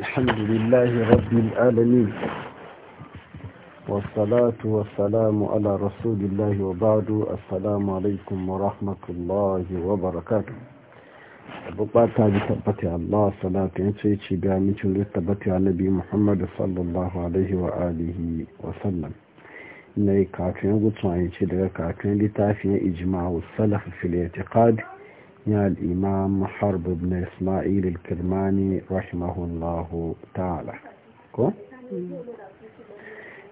الحمد لله رب العالمين والصلاة والسلام على رسول الله وبعد السلام عليكم ورحمة الله وبركاته bukata ji tabbata Allah salatu ya ce ci ga mikin da tabbata annabi Muhammad sallallahu alaihi wa alihi wa sallam ne kafin gutsuwa ya ce daga kafin littafin ijma'u salaf fil i'tiqad يا الإمام حرب بن isma'il الكرماني رحمه الله تعالى كو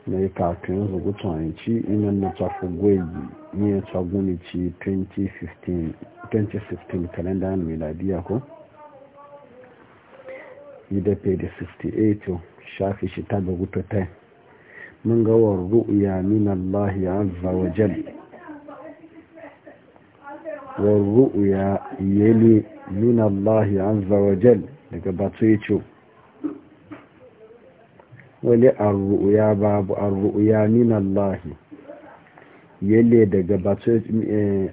na yi kakin rubutanci ina na tafi gwai ne ta 2015 kalenda miladiya ko ida page 68 shafi shi ta da gutu 10 mun gawar ru'ya min Allah azza wa jalla والرؤيا يلي من الله عز وجل daga batu ya ce wani arru'uya babu arru'uya min Allah daga batu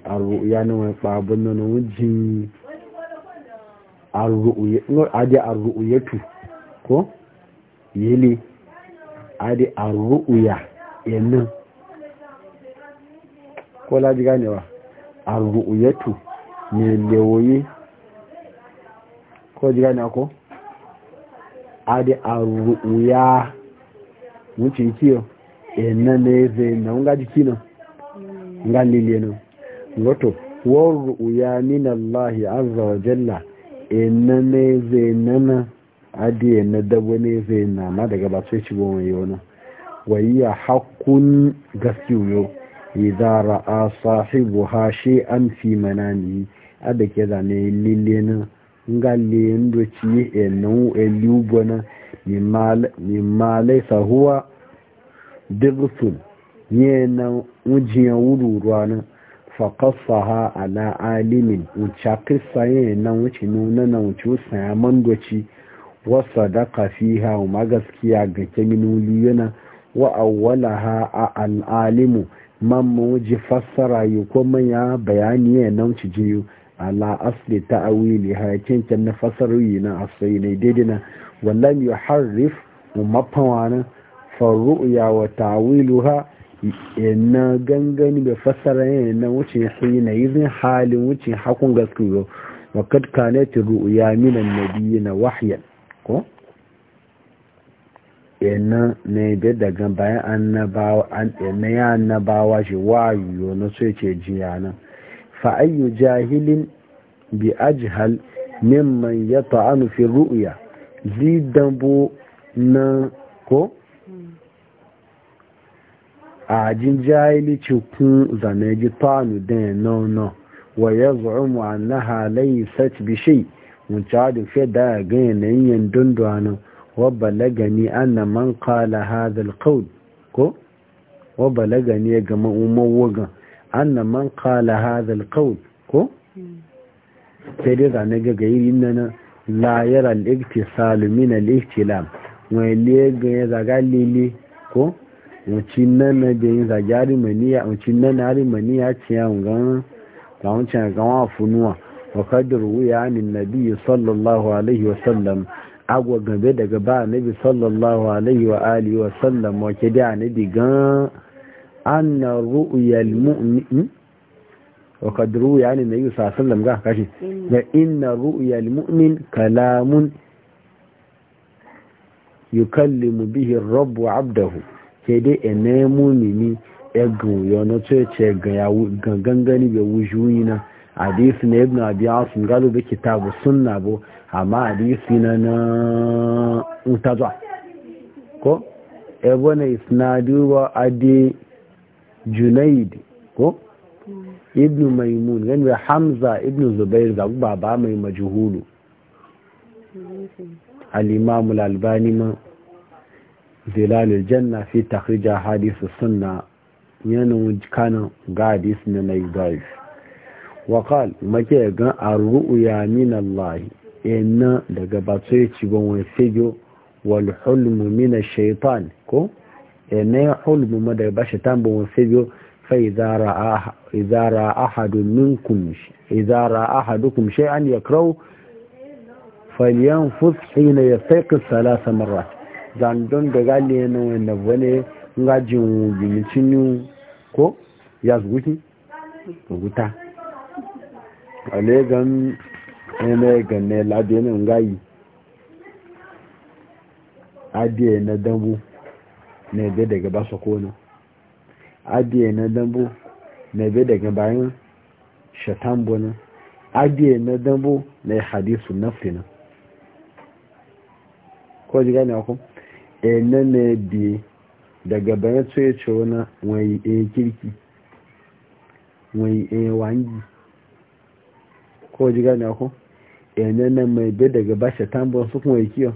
arru'uya na wani babu nuna wujin adi arru'uyatu ko yalle adi arru'uya yanin ko laji ganewa yetu ni lewoyi ko jira ne ko adi ya mutu kiyo ena neze na unga jikino mm. nga lilieno ngoto ya nina Allah azza wa jalla ena neze nana adi ena dabo neze na ma daga ba ci goma yona wa haqqun gaskiyo idza ra'a sahibuha shay'an fi manami ada ke zane lilena ngalle ndo ci e no ni mal ni male huwa dirsul yena ujiya wururwana fa qassaha ala alimin ucha yena wuci nuna na wuci sa mandoci wa sadaqa fiha wa magaskiya ga keminuli yana wa awwalaha al alimu man ji fassara yi ko manya bayani ya nan ci jiyu ala asli ta'awili hayakin can na fassaru yi na asali ne daidai na wallan yu harrif faru ya wa ta'awilu ha na gangani bai fassara ya na wucin sai na izin halin wuce hakun gaskiyo wa kad ta ru'ya minan nabiyina wahyan ko yana ne da daga bayan annabawa na ya annabawa shi wayo na so ce jiya nan fa ayyu jahilin bi ajhal mimman ya ta'anu fi ru'ya lidambo na ko a jin jahili cikin zane ji ta'anu da yana wa ya na halayi laysat bi shay mun ta da fiye da ga yanayin dunduwa nan wabbala gani annan man kala hadal kawul ko? wabbala gani ya gama umar man kala hadal kawul ko? sai dai zane gaga iri nana layar al'ikti salumin al'ikti lam liyar ya zaga lili ko? wacce nana da yin zaga arimaniya wacce nana arimaniya ce yawon gana ga wancan gawa funuwa wakadar wuya ne nabi sallallahu alaihi wasallam agwa gambe daga ba annabi sallallahu alaihi wa alihi wa sallam wa ke da annabi gan anna ru'yal mu'min wa qad ru'ya an annabi sallallahu alaihi ga kashi da inna ru'yal mu'min kalamun yukallimu bihi rabbu 'abdahu ke da ene mu'mini egun yo no ce ce gangan gani be wujuyina hadith na ibn abi asim galo be kitabu sunna bo amma hadisi na na mutazwa ko ebona isnadu wa adi junaid ko ibn maimun gani da hamza ibn zubair ga baba mai majhulu al-imam al-albani ma zilal al-janna fi takhrij hadith as-sunna yana kana ga hadith na naif wa qal make ga ar ya min allahi. ina daga batso ya ci wani fiyo wal hulmu mina shaitan ko ina ya hulmu ma daga bashi shaitan ba wani fiyo fa izara ahadun minkum izara ahadukum shay'an yakrau falyanfus ya yastaqis salasa mara zandon da gali yana wanda wani ngajin bimicin ko ya zuwuki? wuta ale gan ene ganne labe ngayi adiye na dambu na ebe daga ba sokona adiye na dambu na ebe daga bayan shatan bona adiye na dambu ne hadisu nafsina ko ji gane ku ene na bi daga bayan tsoye cewa na wai e kirki wai e wangi ko ji gane ku yanar eh, nan mai bai daga bashi tambon su kuma yi kiyo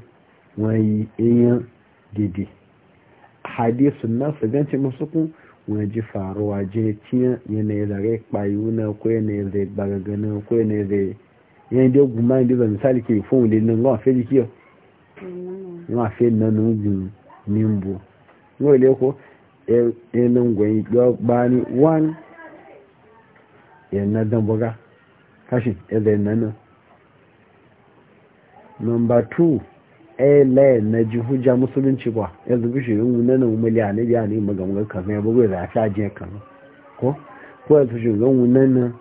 wani inyan didi hadisu na su ganci musu kun wani ji faruwa je ciyan yanayi zare kpayu na ko yanayi zai baragana ko yanayi zai yan dai guma ne zai misali ke fun wuli nan gwa fe kiyo gwa fe nan nujin nimbo yau le ko yanan eh, eh, gwayi gwa bani wani yanar dan buga kashi ẹzẹ̀ nana number two ẹlẹ́ na ji hujja musulunci ba yanzu bishi yin nana umali a nabi a ne magamugar kamar ya bugu da a sha jiya ko ko yanzu shi nana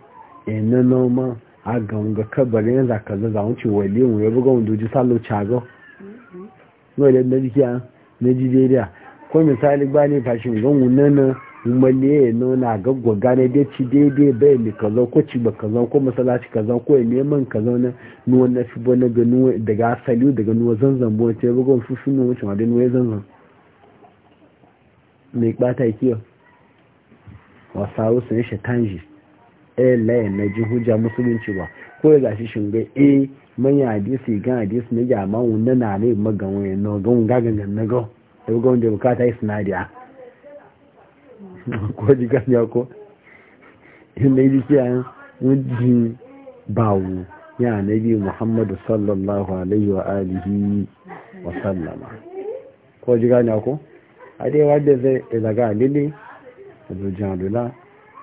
ya ma a ganga kabarin yanzu kaza zaza wuce wale ya buga wanda salo cago wale na jiki a na jijeriya ko misali ba ne fashin gan nana kuma ne ya nuna gaggwa gane dai ci daidai bai ne kaza ko ci ba kaza ko masalaci kaza ko ya neman kaza na nuwa na fi bane ga nuwa daga asali daga nuwa zanzan bo ce bugu gon fufu nuwa ci ma dai nuwa zanzan mai kpata kiyo wasa e wasu e e, ne tanji eh laye na ji hujja musulunci ba ko ya gashi shingai eh manya hadisi gan hadisi na jama'a wunan na ne magan wani na gan gagan na gan ya bugu wanda bukata yi sinadiya ko ji ganya ko inda yi kiyayen wajen bawo ya nabi muhammadu sallallahu alaihi wa alihi wa sallama ko ji ganya ko a dai wadda zai ilaga lili da zujan lula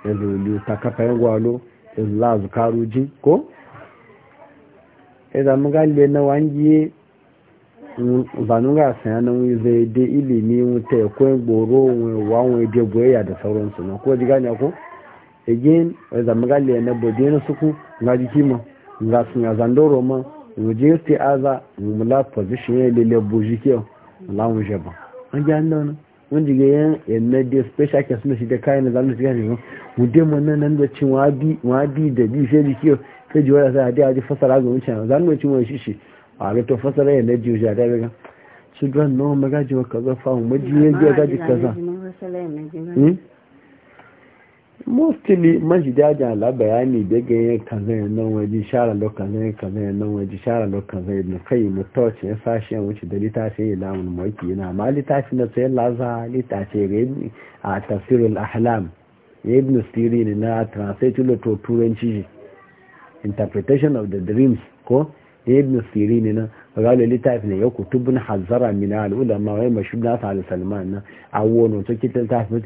da lulu ta kafayen gwalo da ko idan mun banunga sanya nan zai da ilimi wuta ya kwen gboro wa wani je boyayya da sauransu na ko ji gane ko again a zama gali na bode na suku nga jiki nga sun ya zandoro ma wuje su aza mula position ya e lele boji ke lamun jaba an ji an dauna wani jiga yan yana da special case na shi da kayan da zanen shiga ne ba mu dai mu nan nan da cin wabi bi sai jiki ka ji wani sai a dai a ji fasara ga wuce zanen wuce mu shi shi ààrẹ tó to fasara ya naji ya da ga su don no magaji wa kaza fa mu maji ya ga gaji kaza hmm? mostly maji da ja la bayani da wọ́n ya kaza ya nan shara kaza ya shara kaza ya kai wuce da litafi ya ma na laza ahlam na turanci interpretation of the dreams ko da ibn sirin na galo littafi ne ya kutubun hazara min al ulama wa mashhur na sa na awono to kitan ta fi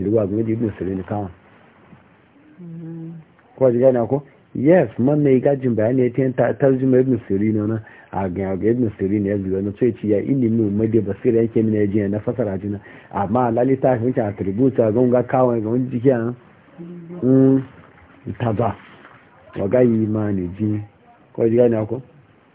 ko ji gane ko yes man ne gajin bayani ta yin tarjuma ibn sirin na a ga ibn sirin ya zuwa na sai ci ya ilimin madi basira yake mina yaji na fasara jina amma lalita fi ta attributa ga ga kawai ga ko ji gane ko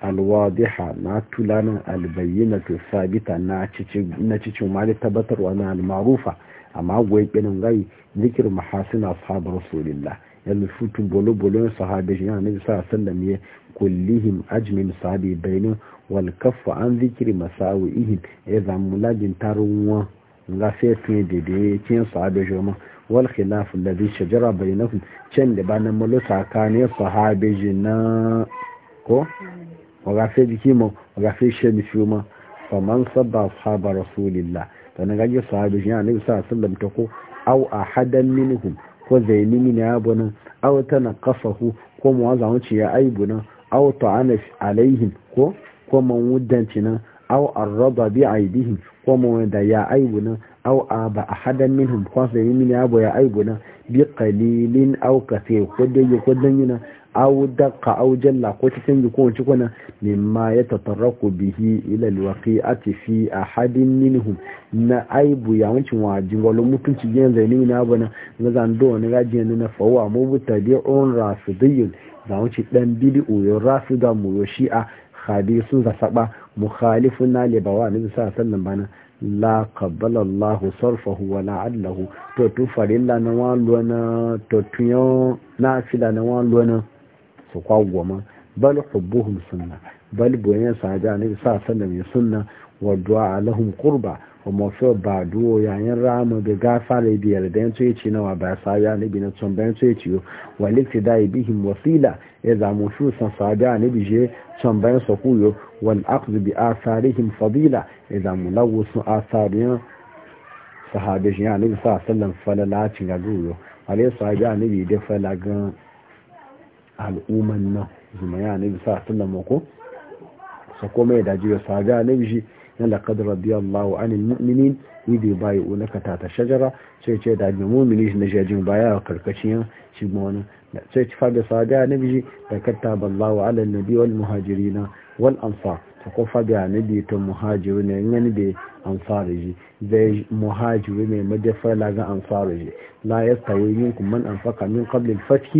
alwadiha na tulanin albayyana to sabita na cikin mali tabbatarwa na almarufa amma goyi kinin gai zikir mahasina sahabar rasulillah yanzu futun bolo-bolon sahabi shi yana nabi sa sallam ya kullihim ajmin sahabi bainin wal an zikiri masawi ihin ya zamu lajin tarin nga sai tun daidai cikin sahabi shi ma wal khilaf ladhi shajara bainahum can da banan malo sakane sahabi na ko wagafe jiki ma wagafe shemi shi ma man sabba sahaba rasulillah to na gaji sahabi shi ne sallallahu sallam ta ko aw ahadan minhum ko zaini min ya bunan aw tanqasahu ko mu mu wuce ya aibu nan aw ta'ana alaihim ko ko man wuddanci nan aw arraba bi aidihim ko mu da ya aibu nan aw aba ahadan minhum ko zaini min ya bu ya aibu nan bi qalilin aw kathir ko dai ko dan yana aw daqqa aw jalla ko ta canji ko wace kuna mimma ya bihi ila alwaqi'ati fi ahadin minhum na aibu ya wancin wajin wala ci gen zai nuna bana ga zando ne ga jin na fawa mu butabi'un rafidiyun da wancin dan bid'u yo rafida mu yo shi'a khabisun za saba mukhalifun na libawa ne sa sallan bana la qabbala Allahu sarfahu wa la adlahu to tu farilla na wa luwana to tuyo na fila na wa luwana su kwagwama bal hubbuhum sunna bal boyen sahaja ne sa sallam ya sunna wa du'a lahum qurba wa mafi ba ya yayin rama da gasa da yarda yanzu ya ce nawa ba sa ne bi na tun bayan su ya wa likti da bihim wasila ya zamu su san sahaja ne bi je tun bayan su kuyo wal aqd bi fadila Asariyan ya sa ne bi da falagan al'umman nan zumaya ne bisa tunan mako sa kome ya daji ya saga na bishi na laqad radiyallahu anil mu'minin yidi bayi una ka tata shajara sai ce da jimu mini na shajin baya karkashin shi da sai ci fada saga na bishi da kattaba ballawa ala nabi wal muhajirin wal amsa ta kofa da nabi to muhajiri ne yan da ansariji zai muhajiri ne madafa la ga ansariji la yastawi minkum man anfaqa min qabl al-fath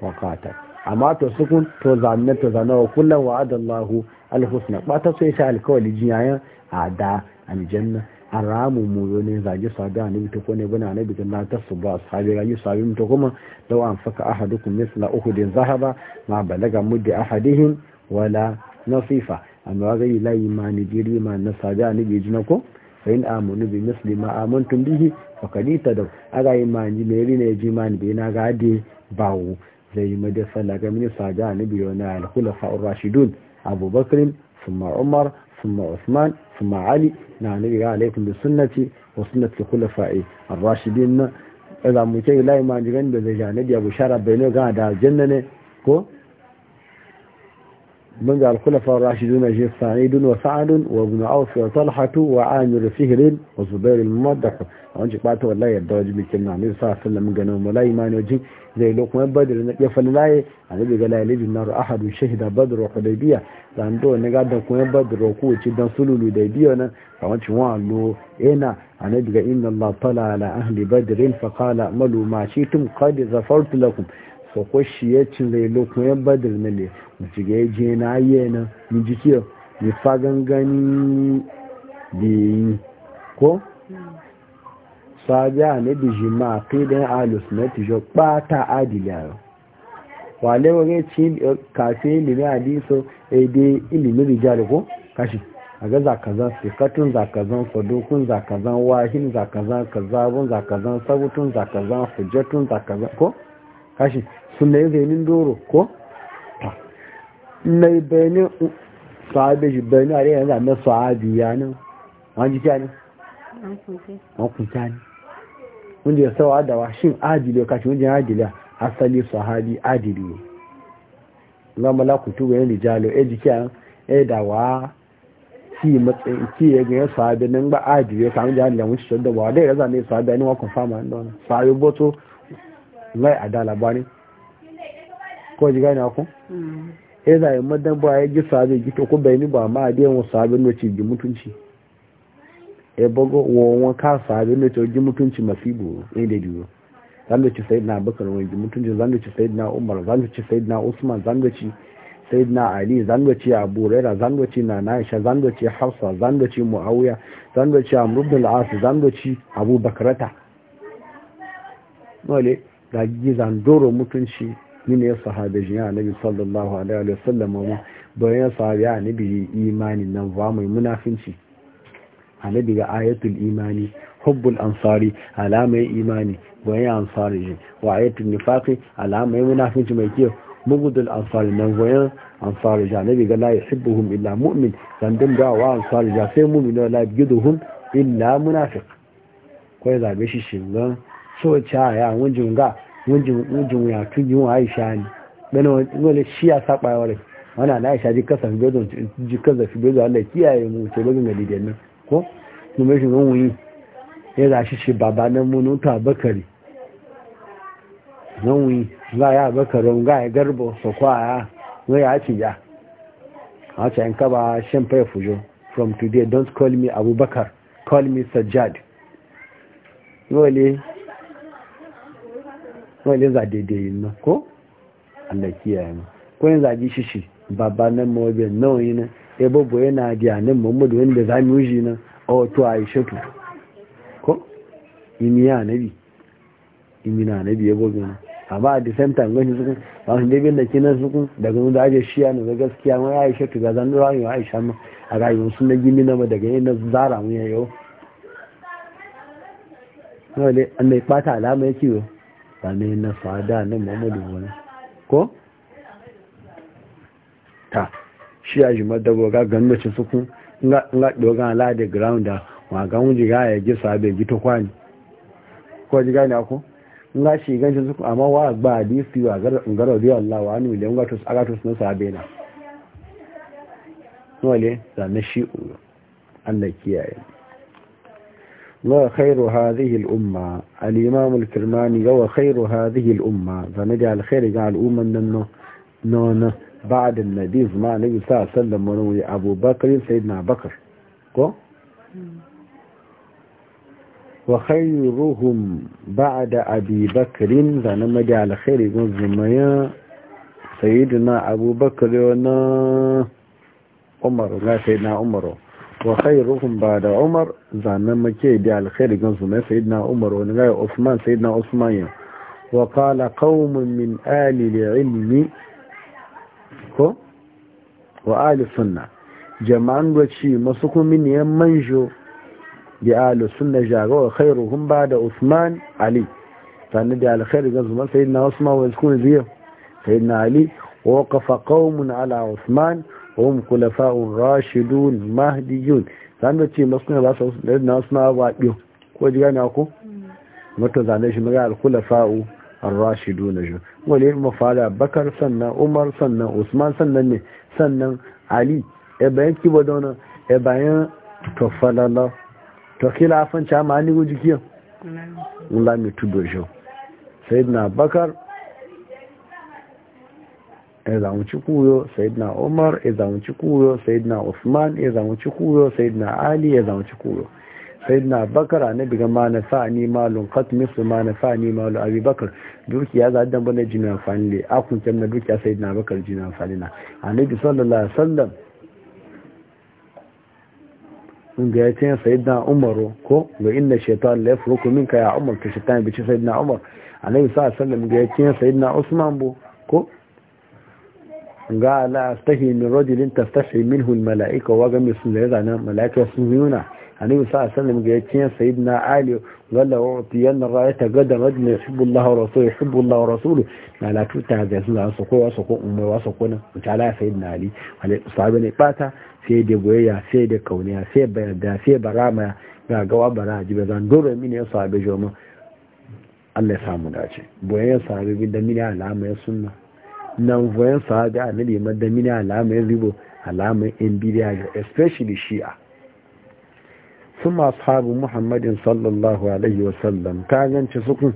wa qatal amma to sukun to zanne to zanne wa kullum wa adallahu alhusna ta so ya sha alkawali jiyayen a da aljanna an ramu muyo ne zage sabi a nabi ta ne bana nabi ta na su ba sabi rayu sabi mu ta kuma wa an faka ahadukum misla uhudin zahaba ma balaga muddi ahadihin wala nasifa amma ga yi layi ma ni diri ma na sabi a nabi jina ko fa'in amunu bi misli ma amantum bihi fakadita da aga yi ma ni meri ne ji ma ni bi na gade bawo zai yi majalisar ga minista ga annabi na alkhulaf ar-rashidun abubakar thumma umar thumma usman thumma ali na annabi ga alaikum bi sunnati wa sunnati khulafa'i ar-rashidin idan mutai lai ma jigan da zai ga annabi abu shara bayno ga da janna ko من ذا الخلفاء الراشدون جيف سعيد وسعد وابن عوف وطلحة وعامر فهر وزبير الممدح وانجي باتو والله يدوج بكنا عمير صلى الله عليه وسلم قنوا ملاي ما نوجي زي لوكم بدر يفل لاي عمير قال يلي النار أحد شهد بدر وحديبية لاندو نقاد كون بدر وكو جدا سلول وديبية فانجي وانلو اينا عمير قال إن الله طلع على أهل بدر فقال اعملوا ما شئتم قد زفرت لكم soko shi ya cire lokun ya badar na le mace ga yaje na ayi na mi ji kiyo mi fa gangani da yi ko sabiya ne biji ma fi da ya alus na tijo kpata adila yau wale wage ci eh, kafe ilimin hadiso ede eh, ilimin rijali ko kashi a ga zakazan sikatun zakazan fadokun zakazan wahin zakazan kazabun zakazan sabutun zakazan hujjatun zakazan ko kashi suna yi zainin doro ko mai bayanin sahabe shi bayanin a yanzu na sahabi ya nan wani jikiya ne an ne wanda ya sawa adawa shin adili ya kashi wajen adili asali sahabi adili ne rijalo ya jikiya ya dawa ki matsayin ki ya ganyen sahabi nan ba adili ya kamun jihar da ba wadai ya zane sahabi ya wakon fama sahabi boto lai adala ba ne ko ji gane ku eh da yamma dan ba ya gisa zai gito ko bai ni ba ma dai mu sabin no ci gi mutunci eh bago won ka sabin no ci gi mutunci masibu eh da diwo zan da ci sayyidina bakar wani gi mutunci zan da ci sayyidina umar zan da ci sayyidina usman zan da ci sayyidina ali zan da ci abu raira zan da ci nana aisha zan da ci hafsa zan da ci muawiya zan da ci amr ibn al-as zan da ci abu bakrata wale ga zan doro mutunci ne sahaba sahabejin ya nabi sallallahu alaihi wasallam ma bayan ya sahabi ya nabi imani nan ba mai munafinci nabi ga ayatul imani hubbul ansari alamai imani bayan ansari ne wa ayatul nifaqi alamai munafinci mai kiyo mugudul ansari nan bayan ansari ja nabi ga la yuhibbuhum illa mu'min dan din da wa ansari ja sai mu'min la yuhibbuhum illa munafiq kai zabe shi shingan so caya wajen ga wujin ya tuji wa aisha ne bane wani shi ya saba ya wani wani na aisha ji kasa fibezo ji kasa fibezo allah kiyaye mu ce lokacin ga lidiyar nan ko numar shi gan wuyi ya za shi shi baba nan munu ta bakari nan wuyi za ya bakarin ga ya garbo su ya wai ya ci ya a ce yanka kaba shan faya fujo from today don't call me abubakar call me sajjad wale wani za daidai na ko Allah kiyaye mu ko yanzu a ji shishi babba nan mawabe nawa yi nan ya babu yana da nan muhammadu wani da zami wuji nan a wato a yi ko imi ya nabi imi na nabi ya babu nan amma a disanta gani sukun a kinan sukun daga wanda shiya na gaskiya ma ya yi ga zan rawa yi gini sane na fada na muhammadu wani ko? ta shi a jimar da boga ganmaci suku nga dogon ala da grounda ma ga wunji ga ya gisa bai gita kwani ko ji gani ako nga shi ganci suku amma wa ba hadisi wa ngaro biyu allah wa hannu ile nga agatus na sabe na nole zane shi da kiyaye wa khairu hadhihi al-umma al-imam al-kirmani wa khairu hadhihi al-umma zane da al zuma nabi sallallahu alaihi wa abubakar sayyidina bakr ko wa khairuhum ba'da abi bakr zane ma da al-khairu abubakar na umar wa khairuhum ba'da umar zanan make da alkhairi gan su mai na umar wani ga usman na usman yau. wa qala qaumun min ali ko wa ali jama'an da masu kuma ne manjo da ali sunna jaga wa khairuhum ba'da usman ali sannan da alkhairi gan su mai sayyidina usman wa zikun ziyo na ali ووقف قوم على عثمان hum kulafa'un rashidun mahdiyun zan ce masu ne ba su na suna ba biyo ko ji gane ku mutum zane shi maga al-kulafa'u ar-rashidu na shi wani yin mafara bakar sannan umar sannan usman sannan ne sannan ali e bayan kiba da wani e bayan tofalala to khilafan ci amma ni guji kiyan lami tudo shi sai na bakar ya zamuci kuyo na umar ya zamuci kuyo na usman ya zamuci kuyo na ali ya zamuci kuyo na bakar annabi ga ma sa ni malun qat su ma sa ni malu abi bakar dukiya za dan bane jini amfani le akun kan na dukiya na bakar jini amfani na annabi sallallahu alaihi wasallam in ga yace na umar ko ga inna shaytan la yafruku minka ya umar ka shaytan bi sayidina umar annabi sallallahu alaihi wasallam ga yace na usman bu ko ga la astahi min rajulin tastahi minhu almalaika wa gami sun da zana malaika sun yuna annabi sa sallam ga yakin sayyidina ali walla wa tiyan ra'ata gadan rajul yuhibbu Allah wa rasuluhu yuhibbu Allah wa rasuluhu malaiku ta ga sun da su ko wasu ko umma wasu ko na mutala sayyidina ali alai sahabi ne bata? sai da goyayya sai da kauniya sai bayarda sai barama ga gawa bara ji ba zan dore mini ya sahabi joma Allah ya samu dace boyayya sahabi da mini alama ya sunna nan voyan sahabi a nabi madamini alamai ribo alamun yan bidiya ga especially shi'a sun masu muhammadin sallallahu alaihi wasallam ta ganci sukun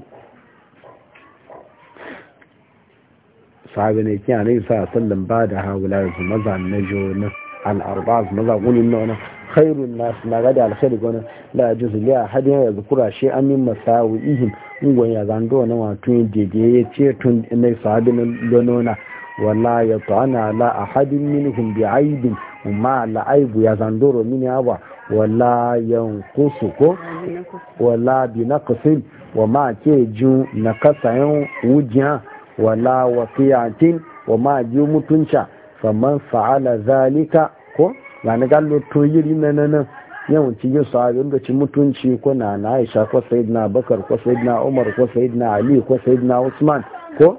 sahabi ne kiyan alaihi sa sallan ba da haɗu yanzu maza na jonin al'arba maza gunin nuna khairun nasu na gada alkhairu gwanin la jizu liya hadin ya zukura shi amin ihin. ungon ya zando na watun jeje ya ce tun na sahabi na lonona wala ya ta'ana la ahadin minhum bi aibin ma la aibu ya zandoro mini awa wala yankusu ko wala bi naqsin wa ma ke ju naqasayan wujiya wala waqiyatin wa ma ju mutunca faman fa'ala zalika ko ga ni gallo to yiri na nan yawan cikin sahabin da ci mutunci ko na na aisha ko sayidina bakar ko sayidina umar ko sayidina ali ko sayidina usman ko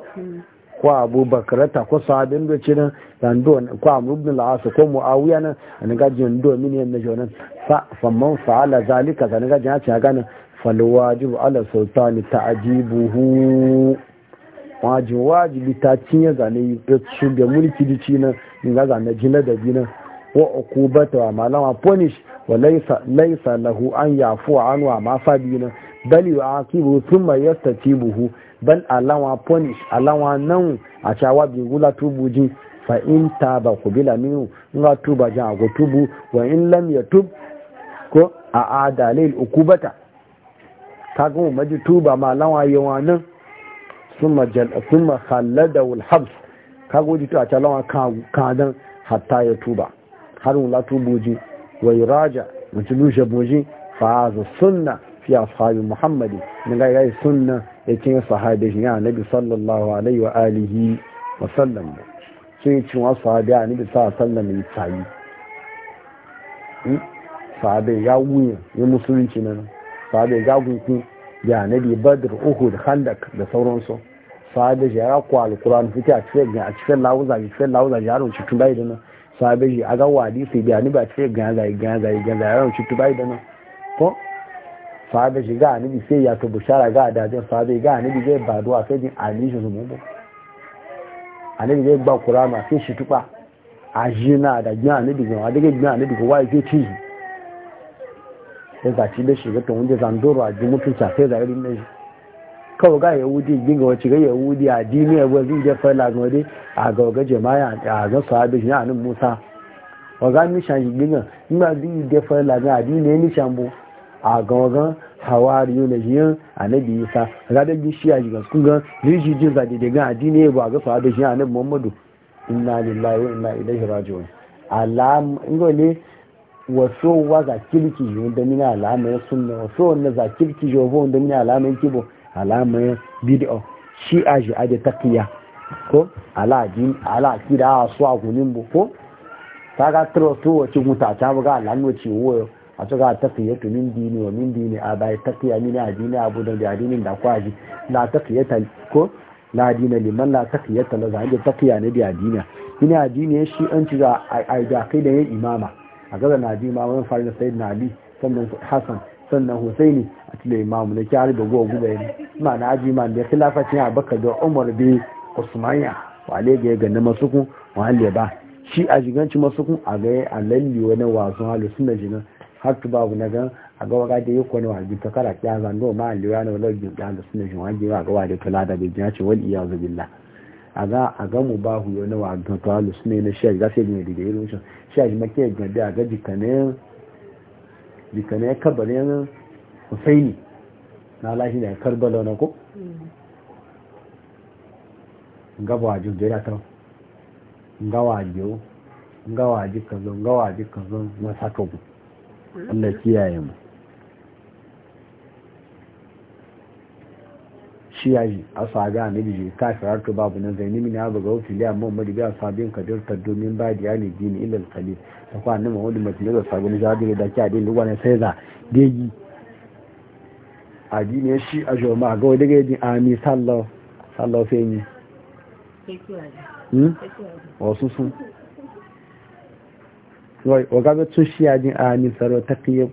ko abu bakarata ko sahabin da ci nan dando ko amr ibn al-as ko muawiya nan an ga jin do min yan na jonan fa famman fa'ala zalika kan ga jin ta ganin fal wajib ala sultani ta'jibuhu wajib wajibi ta cinye zane yi ta ga mulki dici nan in ga zane jina da jina wa ukubata wa malama punish wa laisa laisa lahu an yafu wa ma fadina bal yu'aqibu thumma yastatibuhu bal alama punish alama nan a chawa bi gula tubuji fa in taba kubila minhu nga tuba ja go tubu wa in lam yatub ko a adalil ukubata kaga mu maji tuba ma lawa yawa nan thumma jal thumma khalladu al habs kaga wuji to a chawa kan kan hatta ya tuba harin latu boji wai raja mutum lushe boji fa'azu sunna fi ashabi muhammadi na ga gai sunna ya ce sahabi ya nabi sallallahu alaihi wa alihi wa sallam sun yi cin wasu sahabi a nabi sa alaihi yi tsayi hmm? sahabi ya wuya ya musulunci nan sahabi ya gunki ya nabi badr uhud khandak da sauransu sahabi ya rakwa alquran fita a cikin lawuza a cikin lawuza ya harin cikin bai da nan sabe ji aga wadi sai biya ni ba ce ganza gaza ganza yaron shi tubai da nan ko sabe ji ga ni sai ya to bushara ga da jin sabe ga ni bi zai badu a sai jin ani shi su mubo ani bi zai ba qur'ana sai shi tuba ajina da gina ni bi ga da gina ni bi ko wai ke ci sai ga ci da shi ga to wanda zan doro a ji mutunta sai da irin ne kawai ga yahudi ginga wacce ga yahudi a dini ya gwazi da fala gode a ga ga jama'a a ga haɗu shi anin musa wa ga nishan shi ginga ina zai da fala a dini ni nishan bu a ga ga hawari a na biyu sa ga da bi shi a jiga su ga rishi jin za da ga a ya ba ga haɗu shi anin muhammadu inna lillahi wa inna ilaihi raji'un alam ne wasu wa za kirki yo da mina alamai sunna waso na za kirki yo bo da mina alamai kibo alamar bid'a shi a shi aje takiya ko alajin alaki da a su a gunin bu ko ta ga turo su wace muta ta buga alamu ce woyo a su ga takiya to min dini wa min dini a bai takiya min adini abu da dini da kwaji la takiya ta ko la dina liman la takiya ta la zanje takiya ne da a min ya shi an ci ga a da kai da yin imama a gaza na ji ma wani farin na bi sannan hassan sannan husaini a tilo imamu da kyari da gowa da yana ma na aji ma da khilafacin abaka da umar bi usmaniya wale ga ga na masukun wale ba shi a jiganci masukun a ga a lalli wani wasu halu suna jigan har tu babu na gan a ga waka da yako na wajibi ta kara kya zan ma alli wani wani da halu suna jigan wajibi a ga wade tula da bai jina wani wal iya a ga a ga mu ba hu yau na wajibi ta halu suna yi na shi a jiga sai gina da irin shi a jiga ke gina a ga jikanin jika na ya kabar yana husaini na lahi na karbala na ku nga wajo da ya tau nga wajo nga waji kazo nga kazo na sako wanda kiyaye mu ciyayi a saga na biji ta firar ta babu nan zai nemi na buga wufi liya mawa madu biya sabin kadir ta domin ba da yani dini ilil kali ta kwa nima wani mafi yadda sabon jadiri da ke adini wani sai za degi a dini shi a joma ga wani daga yadda ami sallau sallau sai ne hmm? wasu sun wagaga tun shi ya din ami sallau ta kiya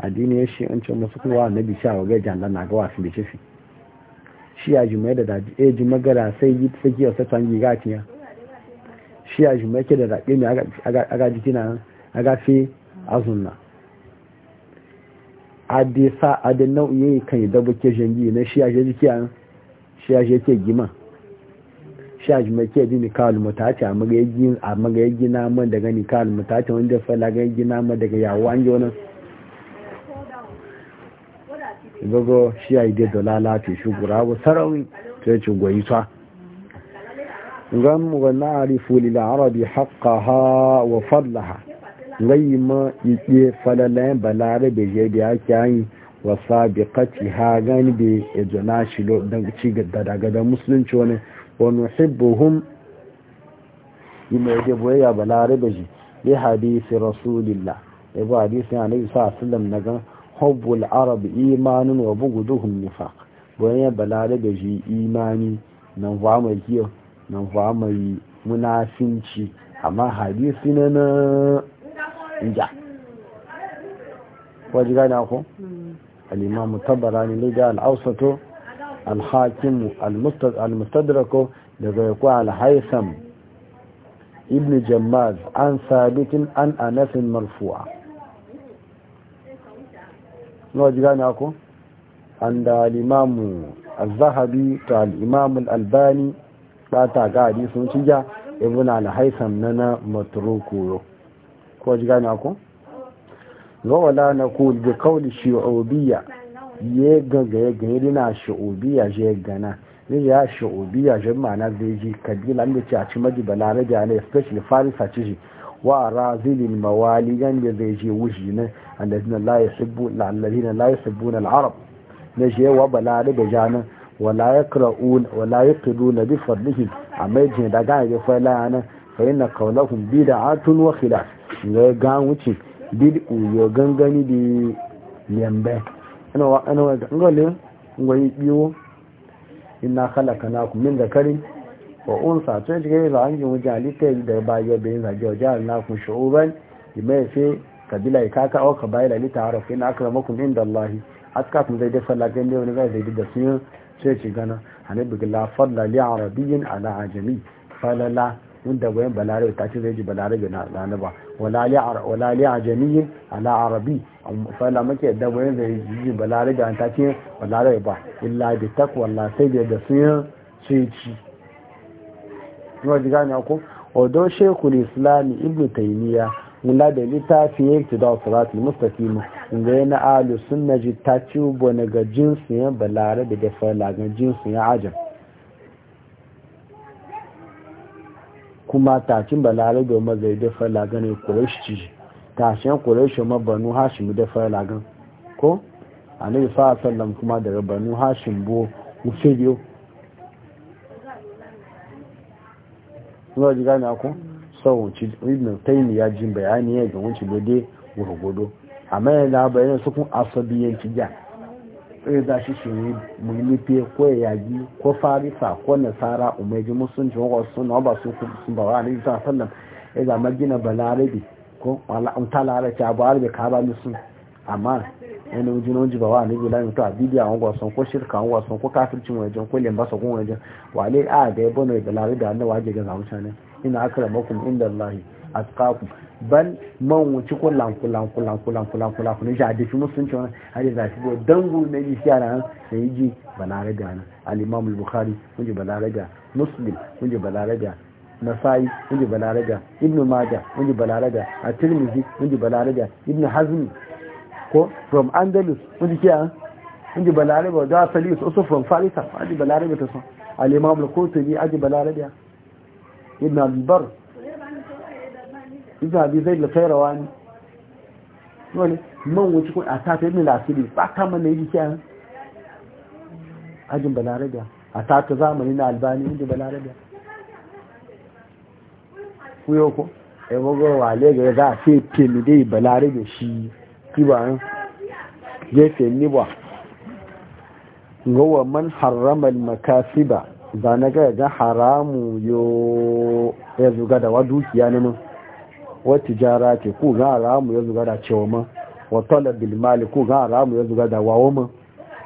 a dini shi an ce masu kuwa na bisha wa gajan lana ga wasu bishe shi ya jimai da daji e eh, ji gara sai yi sake a sassan ga tiya shi ya jimai ke da ne mai ga jiki na ga fi azunna a da sa a da nau'i kan yi dabu ke jangi na shi ya je jiki a shi ya je ke gima shi ya jimai ke ji ni kalu ce a magayi gina man daga ni kalu mutaci wanda fala ga gina man daga yawo yawon wani gogo shi ya yi da dalala fi shugura wa sarawi ta yace goyi ta ngam wa na'rifu lil arabi haqqaha wa fadlaha ngai ma yike falalain balare be je da yake yi wa ha gani be ejona shi lo dan ci gadda daga da musulunci wani wa nuhibbuhum yima yake boyayya balare be je bi hadisi rasulillah ibu hadisi annabi sallallahu alaihi wasallam naga hubbul arab imanin wa buguduhum nifaq boye balarabe shi imani nan fa mai nan fa mai munafinci amma hadisi na na inja waje gane ku al-imam tabarani lida al-awsato al-hakim al-mustadrak daga ku al-haytham ibn jammaz an sabitin an anas marfu'a nawa ji ako an da alimamu al-zahabi ta alimamu al-albani ba ta ga hadisun cija ibn al-haisam na na matrukuro ko ji gane ako zawala na kul bi qawli shu'ubiyya ye gaga ye gaga dina shu'ubiyya je gana ne ya shu'ubiyya je ma'ana zai ji kabila ne ci a ci maji balarabi ne especially farisa ci wa Razilin mawali da zai je wuji ne alladina na yuhibbu na la yuhibbuna arab ne je wa balade da janan wala yakra'un wala yaqiduna bi fadlihi amma je daga ya fa lana fa inna qawlahum bid'atun wa khilaf ga ga wuce bid'u yo gangani bi yambe ana wa ana wa ngole ngoyi biyo inna khalaqnakum min dhakarin wa unsa to ya cikin za a yi wuce halitta da ba ya bayin zage wa jihar na kun shu'uban yi mai fi kabila ya kaka auka bayi lalita harafi na aka zama kun inda allahi a cika kun zai dafa lagin da wani zai zai da sun sai ci gana hannu bugi lafar lali arabiyyin ala ajami falala wanda bayan balare ta ce zai ji balare ga na zane ba wala li ajami ala arabi fala muke da bayan zai ji balare an ta ce balare ba illa bi takwa la sai da sun sai ci wajen gane ku wadon shekul islami ibn taimiyya wula da littafi ya ci da salat mustaqim inda yana alu na ji ta ci na ga jinsu ya balare da dafa fala jinsu ya ajam kuma ta balare da ma zai da fala ga ne quraishi ta shan quraishi ma banu hashim da fala ga ko a sallallahu alaihi wasallam kuma da banu hashim bo mu biyu. suna ji gane ku sau ibn taimi ya ji bayani ya ga wuce bude gurgudu a ya da bayan su kun asabiyanci ja sai za shi shi ne mulmife ko yagi ko farisa ko nasara umarji musulunci wakwa suna ba su sun ba wa ne ta sannan ya zama gina balarabe ko talarabe abu arabe kaba amma ẹni ojú náà jìbà wà níbi láyé tó àbídí àwọn wọ̀sán kó ṣírkà wọ́n sọ kó tí wọ́n ẹjọ́ kó lè mbàṣọ kó wọn ẹjọ́ wà lé ààbẹ bọ́nà ìbẹ̀lẹ̀ àrídà náà wàá jẹgẹ àwọn sani ina akara makun a lahi man wuci ko lanku lanku lanku bukhari muslim kun ji nasai kun ji balaraga majah kun ji at-tirmidhi kun ji hazmi ko from andalus wani kiya inji eh? balarabe da Salisu, also from farisa aji balarabe ta son al kotu ne qurtubi aji balarabe ibn al-bar bi abi zaid al-qayrawani wani man wuce ko a tafi ta ibn al-asiri ba ta man ne yake eh? ajin balarabe a ta zamani na albani inji balarabe kuyo ko e wago wale za a ce pelu dai balarabe shi kibayen eh? gefe niba gowa man haramar makasiba ba na ga ga haramu yo ya zuga da wa dukiya mun wa tijara ce ko ga haramu ya zuga da cewa ma wata da mali ku ga haramu ya zuga da wawo mun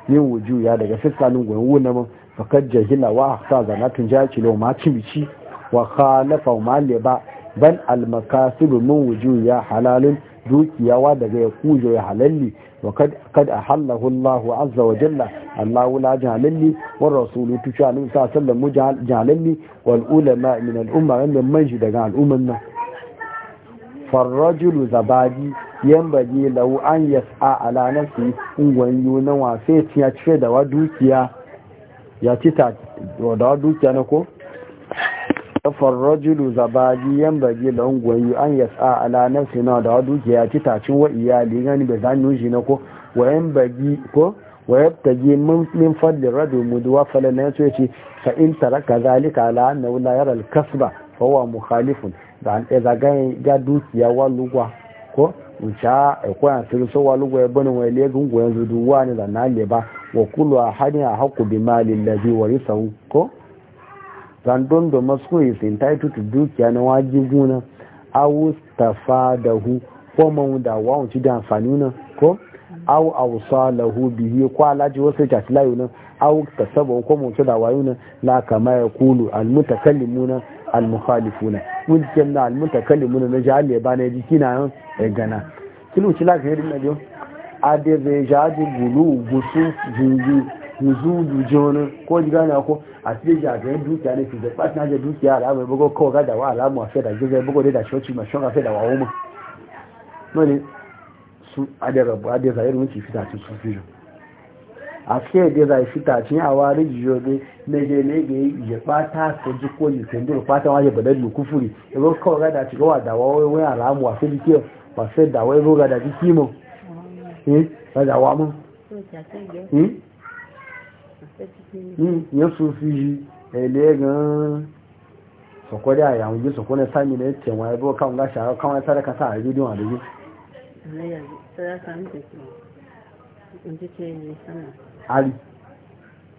yin wuju ya daga fiskalin gwanin wuna mun fakar jahila wa na tun jaki lo ma bici wa khalafa ma ba ban almakasibu mun wuju ya halalin dukiya wa daga ya kujo ya halalli wa kad hallahu Allah azza wa jalla Allahu la jahalalli wa rasulu tuci annabi sa sallan mu jahalalli wal ulama min al umma wanda manji daga al umman nan farrajulu zabadi bagi lau an yas'a ala nafsi ungwan yi wa sai ya ci da wa dukiya ya ci ta da wa dukiya na ko kafar rajulu zabaji yan bagi da ungwayi an yasa ala nafsi na da dukiya ci tacin wa iyali gani bai zanyo shi na ko wa yan bagi ko wa ya yabtaji min fadli radu muduwa fala na ya ce fa in ka zalika ala na wula yara al kasba fa huwa mukhalifun da an zaga ga dukiya wa lugwa ko wuca ko an sirri so wa lugwa bani wa ile gungun yanzu duwa ne da na ba wa kullu ahadin ahqqu bi mali wa risa ko randon da masu is entitled to dukiya na wajibu na awu da hu ko mawuda wawon ci da amfani na ko awu awusa hu biyu ko alaji wasu ya ci layu na awu saba ko mawuce da wayo na la kama ya kulu almutakallimu na almukhalifuna mun ce na almutakallimu na ba na jiki na eh, gana kilo ci la da hirin a biyo ade zai bulu gusu jingi nuzulu jona ko ji gane ko a cikin jagayen dukiya ne fi da ɓatan da dukiya alamai bugo kawai gada wa alamu a fiye da gizai bugo dai da shoci mai shon a fiye da wawo ma nole su adira bu adira zai rumunci fitacin su fi yau a fiye da zai fitacin a wari jiyo ne na je ne ga yi ya ɓata su ji ko yi kendur fatan waje badar lukufuri ya bugo kawai gada ci gawa da wawo wani alamu a fiye da kiyo ba fiye da wai buga ji kimo ba da wa mun Hmm, ya sufi ele gan sọ̀kọ́ dẹ́ àyàwó yìí na ní sáàmì ní tẹ̀wọ̀n ẹgbẹ́ káwọn gáṣà káwọn ẹ̀sára kan sáà rídíò àdójú ari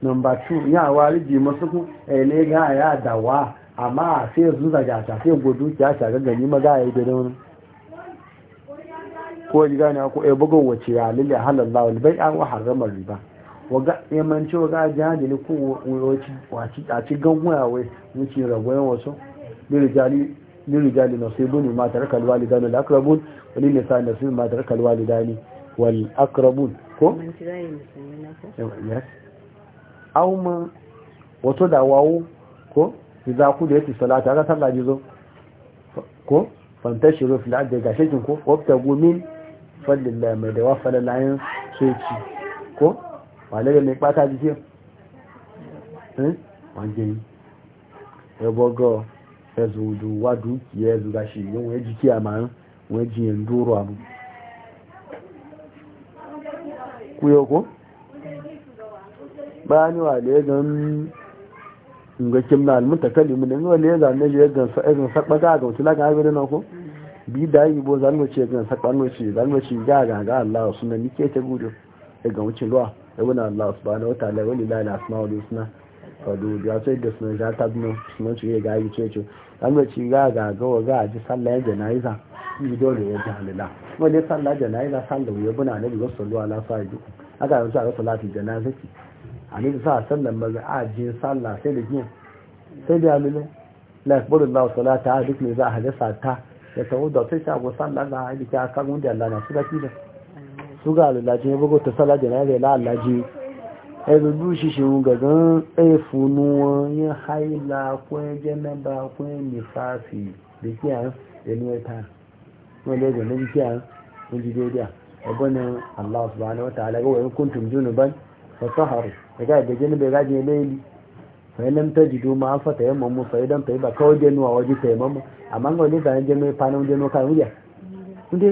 nọmba 2 ní àwọn arìjì mọ́sùkún ele gan àyà àdàwà àmá àfẹ́ zúzàjà àtàfẹ́ gbogbo kí àṣà gẹ́gẹ́ ní mọ́gá ẹgbẹ̀rẹ̀ wọn ko ji gane ko ebogo wace ya lili halallahu albai an wa harramar riba Waga yamanci waga a jihajili ko a ci ganwaya wai wuce ragoyen wasu lirijali na sai buni ma tare kalwali gano da akrabun wani nisa da sun ma tare kalwali dani wal akrabun ko? yes auma wato da wawo ko za ku da yake salata ga sallah ji zo ko fantashiru fil adda ga shekin ko wabtagu min fadlillahi mai da wa falalayin sai ci ko wà mẹ́ pátá jí sí wọ́n jẹ́ ẹgbọ́gọ́ ẹzùdù wádù kí ẹzù gaṣì yóò wọ́n jí kí a máa wọ́n jí ẹ̀ ń dúró àmú kúyọ́kọ́ bá ní wà lẹ́gàn ga kimna almutakalimin in wani ya zane shi irin sakpaka ga wasu laka haifar yana ko bi da yi bo zanwace irin sakpanoci ga Allah ta gudu ibn Allah subhanahu wa ta'ala wani la asma wani suna kado ya sai da suna ja ta bin suna ci ga yi ce an ga ci ga ga ga ga ji sallah janaiza ni dole ya jahalila wani sallah janaiza ya buna aka a salati janaiza ki sallan sallah sai da sai da la Allah salata duk ne za a hadasa ta ya tawo da sai ta go sallah su ga ya bugu ta sala janaza la alaji ẹlùlú ṣiṣẹ́ gangan ẹ̀fúnú wọn yẹn haila kún jẹ́nẹ́bà kún nífàáfì lè kí à ń ẹnu ẹ̀ta wọn lè gbọ̀n lórí kí à ń jí dédé à ẹgbọ́n ni allah subhanahu wa ta'ala gbọ́wọ́ ẹ̀kún tùm jùnú bá fasaharu ẹ̀ka ìgbẹ́jẹ́ níbẹ̀ rájẹ́ lẹ́yìn fa'ilam ta jido ma an fata yamma mu fa'idan mu amma ga wani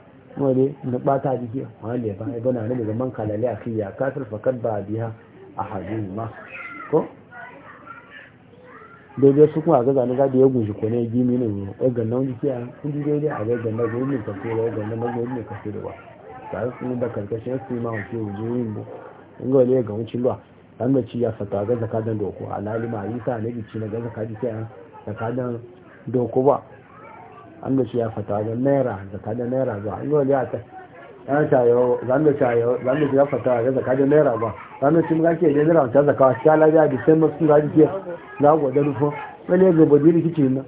wani na bata jiki wani ba ya na ne daga man kalali a fiya kafir fakar ba biya a hajji ma ko daidai su kuma ga zane gadi ya guji ko ne ne ya ganna wani jiki a kundi daidai a ga ganna ga wani kafe da ya ganna na wani kafe da ba tare su da karkashin su ma wuce wuce yin bu in ga wani ga luwa an ci ya fata ga zakadan doko alalima a yi sa na gici na ga zakadan doko an da shi ya ga naira zaka da naira ba an yau ya ta shayo zan da shayo zan da ya zaka da naira ba zan da shi mun kake da naira ta zaka ta la ya disen mu sun gaji ke na go da rufo bale ga bodiri kici na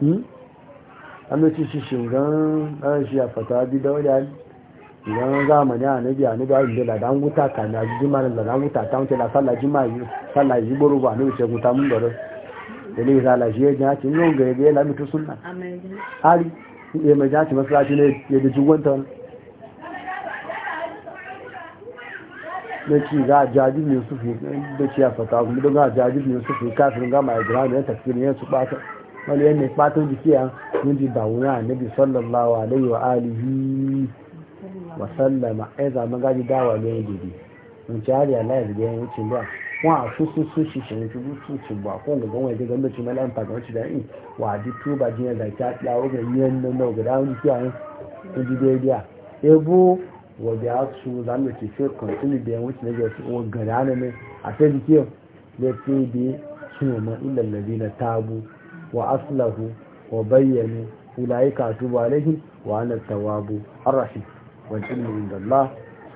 hmm an da shi shi shingan an shi ya bi da wani idan zamani anabi anabi ayi da da kana da da ne za la jiya da ci yau ga ya la mutu sunna hari ya mai jaci masallaci ne ya da jigwanta na ci za a jaji ne su fi da ciya fata kuma don ga jaji ne su fi kafin gama ya jira ne tafsirin ya su bata wani yan ne fatan jiki a mun ji dawuna annabi sallallahu alaihi wa alihi wa sallama ai zaman gaji dawa ne ya gidi mun ci hari Allah ya zuge yan wuce ba wọn àṣùṣù ṣù ṣìṣẹ́ ìṣubú ṣù ṣùgbọ́n àkóńgò gbọ́n ẹ̀dẹ́ gbọ́n lọ́sí mẹ́lá ìpàdé wọn ti dá yìí wà á di tó bá jẹ́ ẹ̀dá àti àwọn ọ̀gá yẹn ń lọ́nà ọ̀gá dáhùn sí àárín ojú déédéé à ebú wọ̀dẹ̀ àṣù lánàá ti fẹ́ kàn sí ibi ẹ̀wọ̀n ti lẹ́jọ́ sí wọn gàn án ní àtẹ́bí kí ẹ̀ lẹ́ pé ibi sunwọ̀n ilẹ̀ lẹ́bí na táàbù wà áṣùlàhù wà bẹ́yẹnu ìlàyé kàtúbọ̀ àlẹ́yìn wà á nà tàwábù arrahim wà ní ìlú ìdàlá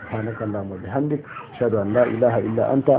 سبحانك اللهم وبحمدك لا